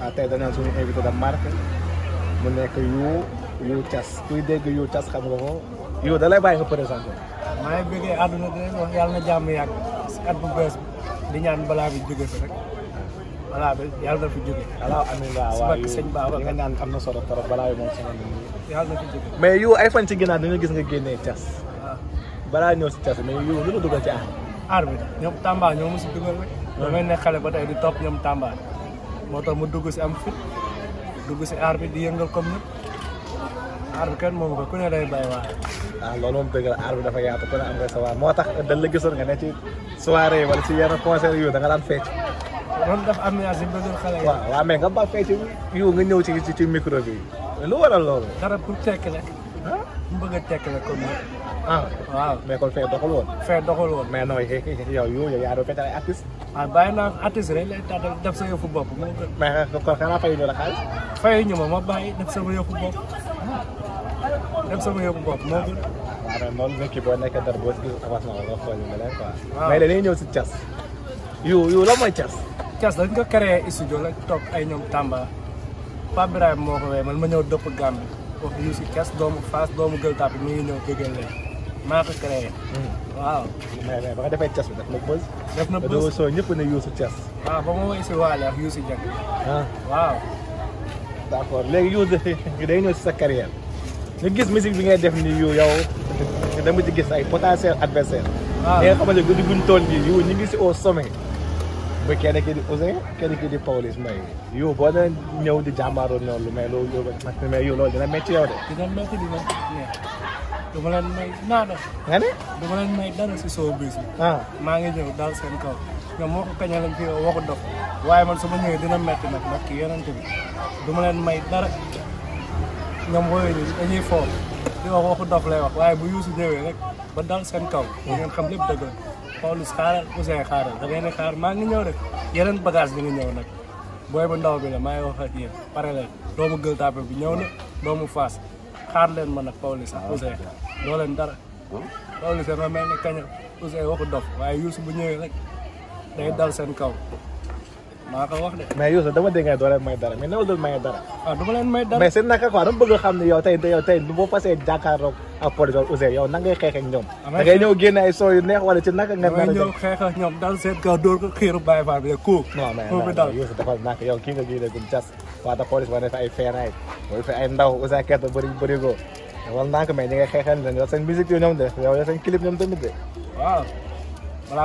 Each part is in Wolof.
waaw ah, tey dañu naan suñu invité mu nekk Yo Yo Thiass kuy dégg Yo Thiass xam nga ko Yo da lay bàyyi nga présenté. maa ngi bëggee àdduna di na jàmm yàgg si at bu bees di ñaan balaa bi jóge fi rek fi jóge. alaaw amiin waaw waaw sëñ Baba nga ñaan am na solo trop balaa bi moom sama fi jóge. mais Yo ay fan ci ginnaaw dañu gis nga génnee Thiass. waaw ah. balaa ñëw si Thiass mais Yo lu la dugal ci aar. aar ñoom Tamba ñoo ma si dugal rek. Ah. damay ne xale ba tey di topp ñoom Tamba. moo tax mu dugg si am fit dugg si aar bi di yëngal comme ñëpp aar bi kenn moomu ko ku ne day bàyyi waar. waaw ah, loolu la aar bi dafa yaatu ku ne am nga sa moo tax dañ la gisoon nga ne ci soirée wala ci yenn concert yu da nga daan fecc. loolu dafa am naas yi bëgg xale yi. waaw waaw nga ba fecc yu nga ñëw ci ci micro bi lu waral loolu. dara pour tekk la. Ah? mu bëgg a tekk la comme ah waaw ah, mais kon fee doxul woon. fee doxul woon mais nooy eh, eh, eh, yow yow yaa doon fekk ay artiste. ah bàyyi naa artiste rek def sa yëfu bopp moom. mais ah, kon xanaa fay ñu la ñu ma ma bàyyi def sama yëfu yëfu bopp moo gën. waaw boo nekkee dara boo si gis avancement nga xool ñu leen quoi. Ah. dañ ko créé studio toog ay ñoom Tamba Pape moo ko man ma ñëw dëpp Gambie wax ñu si cas doomu Fass mi ngi ñëw maa ko créé. Mm. waaw. mais ba nga defee cas bi def na buzz. def na buzz réseau ñëpp ne Youssou Thiès. waaw ba ma woy si Waly ak Youssou Dieng. ah waaw. d' accord léegi Youssou day ñëw si sa carrière ñu gis musique bi ngay def ni yu yow dama ci gis ay potentiel adversaire waaw ah. nga xamante ne guddi guñ toll nii yu ñu ngi si au sommet. ba kenn ki di Ouzin kenn ki di Pawlish Mbaye yow boo na ñëw di jàmbaaroo ñoom lu mais loolu yow mais yow loolu dina métti yow de. dina métti dina dama leen may naada. nga ne. dama leen may dara si showbiz bi. Ah. maa ngi ñëw daal seen kaw. ñoom moo ko kañal fi waxu waaye man su ma ñëwee dina metti nag nag yeneen yonent bi dama leen may dara ñoom wooyu ñu dañuy foof di dof lay wax waaye bu yuusu ñëwee rek ba dal seen kaw. Mm. ngeen xam lépp dëgg la Pawlish xaaral Ouzin xaaral da ngeen di xaar maa ngi ñëw rek yeneen bagage bi ngi ñëw nag booy bu ndaw bi la maa ngi wax ak yéen pare leen doomu Gueule Tapée bi ñëw na doomu Fass. xaar leen ma nag Pawlish ah, Ouzin doo leen dara ah. Pawlish dafa mel ni kaña Ouzin waxu dof waaye Youssou bu ñëwee rek day dal seen kaw maa ko wax de. mais Youssou dama dégg nga leen may dara mais newul doon may dara. waaw ah, du ma leen may dara mais seen naka quoi dama bëgg xam ne yow tey yow tey boo fasee jàkkaarloog ak Pawlish Ouzin yow nan ngay xeex ak ñoom. da ngay ñëw génne ay soo yu neex wala ci naka nga. nar a def ñoom dal seen kaw dóor ko xiiru bàyyi faa bi de kóob. non mais dafa nak yow kii nga génne gum cas waa da police ba ay feeraay booy fi ay ndaw Ouzin Keita bëri bëri ko wala ndànk mais nga xeexal ni yow seen musique yooyu ñoom de yow yow seen clip ñoom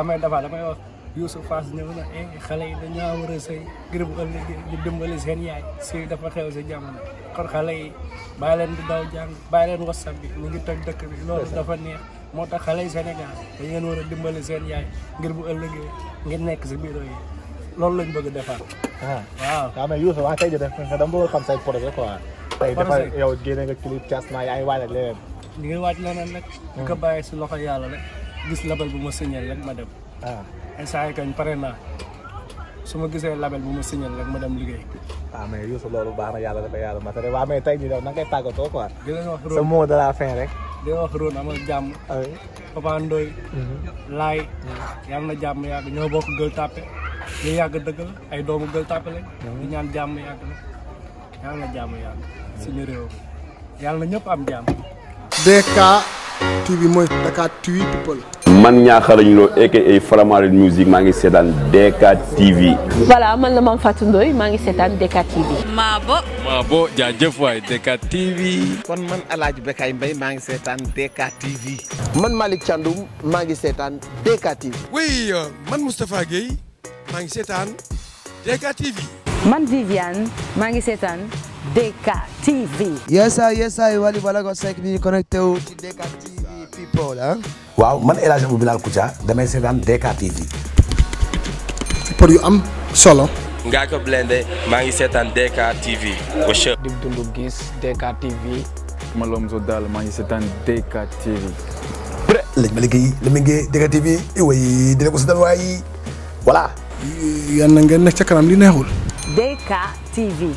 may dafa damay wax Youssou Fass ñëw na eh, xale yi dañoo war a sëy ngir bu ëllëg di dimbali seen yaay si dafa xew si jamono kon xale yi bàyyi leen di daw jàng bàyyi leen whatsapp mu ngi toj dëkk bi loolu dafa neex moo tax xale yi Sénégal dañ leen war dimbali seen yaay ngir bu ëllëgee ngir nekk si bureau yi loolu lañ bëgg a defaat. Ah. waaw waaw mais Youssou waaw tey jii def nga dama bëgg xam say projet quoi. tey dafa yow génne nga clip Casamance waaj ak leneen. ñu ngi nag. di ko hmm. bàyyi si loxo yàlla rek. gis label bu ma si rek ma dem. waaw ah. instant yi kañ pare naa su ma gisee label bu ma signé rek ma dem liggéey. waaw ah, mais Youssou loolu baax na yàlla dafa yàlla matare waaw mais tey jii daf na ngay tàggatoo quoi. di leen wax sa mot de la rek. di wax Rhone amal jàmm. Papa Ndoye. Mm-hmm. Laay. Mm-hmm. yàlla na jàmm yàgg ñoo bokk Gueule Tapée. ñu yàgg dëgg ay doomu gël tàppale di ñaan jàmm yàgg la yàlla na jàmm yàgg suñu réew yàlla na ñëpp am jàmm DK TV mooy Dakar TV people man ñaaxarañ loo ek ay Faramareen musique maa ngi seetaan DK TV voilà man la Mame Fatou Ndoye maa ngi seetaan DK TV maa bo maa bo jaajëf waay TV man Alaaji Bekaay Mbay maa ngi seetaan DK TV man Malick Thiandoum maa ngi seetaan DK TV euh, maa ngi seetaan DK TV. man Viviane maa ngi seetaan DK TV. yesa yesa Wally Ballago Seck mi connecté wu ci DK TV ah. man El Hadj Abou Bilal Koutia damay seetaan DK pour yu am solo. ngaa ko blende maa ngi seetaan DK TV. di dundu gis DK TV. Malomzo Dal maa ngi seetaan DK TV. lañ ma liggéey la mu ngi DK TV iway dina yal na ngeen nekk ca kanam li neexul. DK TV.